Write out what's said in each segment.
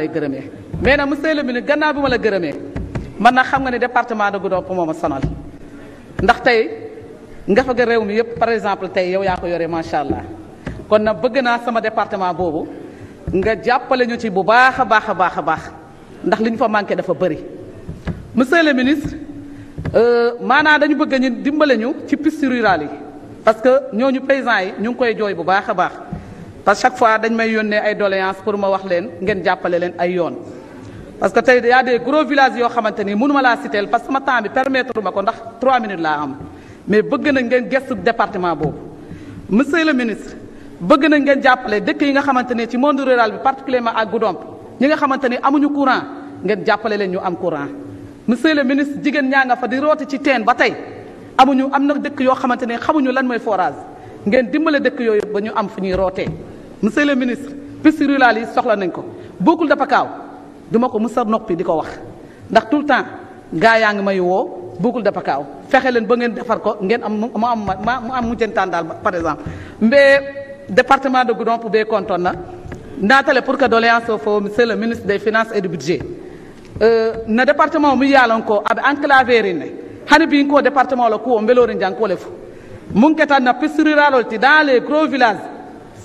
lay gërëmee mais nag monsieur le ministre gannaaw bi ma la gërëmee man nag xam nga ne département de Goudomp moo ma sonal ndax tey nga fa ga réew mi yëpp par exemple tey yow yaa ko yore macha allah kon nag bëgg naa sama département boobu nga jàppale ñu ci bu baax a baax a baax a baax ndax li ñu fa manqué dafa bëri monsieur le ministre euh, maanaam dañu bëgg ñu dimbale ñu ci piste rurale yi parce ñooñu paysans yi ñu ngi koy jooy bu baax a baax. parce que fois dañ may yónnee ay doléances pour ma wax leen ngeen jàppale leen ay yoon. parce que tey y a gros villages yoo xamante ni mënu ma laa citer parce que ma temps bi permettre ma ko ndax 3 minutes laa am mais bëgg na ngeen gëstu département boobu monsieur le ministre bëgg nañ ngeen jàppale dëkk yi nga xamante ne ci monde rural bi particulièrement ak Goudomp ñi nga xamante ni amuñu courant ngeen jàppale leen ñu am courant monsieur le ministre jigéen ñaa nga fa di ci teen ba tey amuñu am na dëkk yoo xamante ne xamuñu lan forage ngeen dimbale dëkk yooyu ba ñu am fu ñuy rootee monsieur le ministre piste rurale yi soxla nañ ko bokkul dafa kaaw duma ko mësa noppi di ko wax ndax tout le temps gaa yaa ngi may woo bokkul dafa kaaw fexe leen ba ngeen defar ko ngeen am mu am ma mu am mujjantaan daal par exemple mais département de Goudomp bee kontoon na naatale pour que doléance o fo monsieur le ministre des finances et du budget euh, na département mu yaalon ko aɓe enclavé rinne hani bin ko département la kuwo mbelorin jang ko le fo mun ketan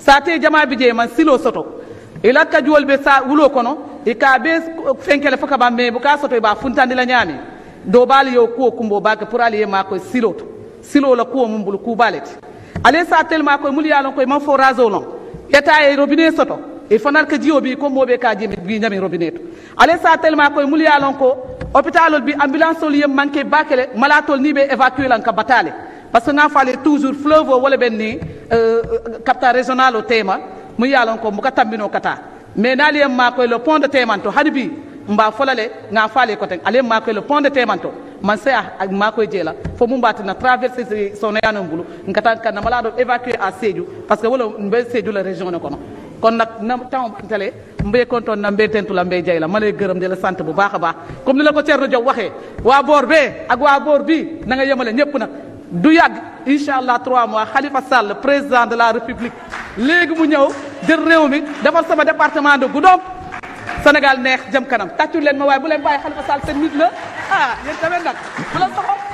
sate jamaɓe jeema silo soto e lakka juwol ɓe sa wulo kono e ka ɓe fenkele fof kaɓa mais bo ka soto eɓa funtandila ñaami dow baali yo kuwo kumbo bake pour ali yema koye silo to silo la kuwo mum mbolo kubalete alay sa tellement koye mulu yalon koye man fo raso lon ƴetta e robinet soto il fanat ko jiyo ɓi commoɓe ka jimi ñami robinet to alay sa tellement ko hôpital ol bi ambulance ol yem manque bakele malatol ni ɓe évacué lan ka batale par ce que na faale toujours fleuve o kapta euh, régional o tema mu yalon ko muka tambino kata mais naliyem ma koye le pont de temanto hade bi mba folale ga faale ko ten aliyem ma koye le pont de temanto man sey a ma koye jeela fo mum mbatina traversé sonoyano mbulu gatan kan namala ɗo évacué à sédiou par ce que wala mbe sédiou la région ne kono kon nag na temps bantale mbay kontoon na mbay tentu la mbay jay la ma lay gërëm di la sant bu baax a baax comme ni la ko Thierno Diop waxee waa boor a ak waa na nga yemale du yàgg incha allah trois mois Khalifa Sall président de la république léegi mu ñëw jël réew mi defar sama département de Goudomp Sénégal neex jëm kanam tàccu leen ma waay bu leen bàyyi Khalifa Sall seen nit la ah yéen tamit nag bu la soxal.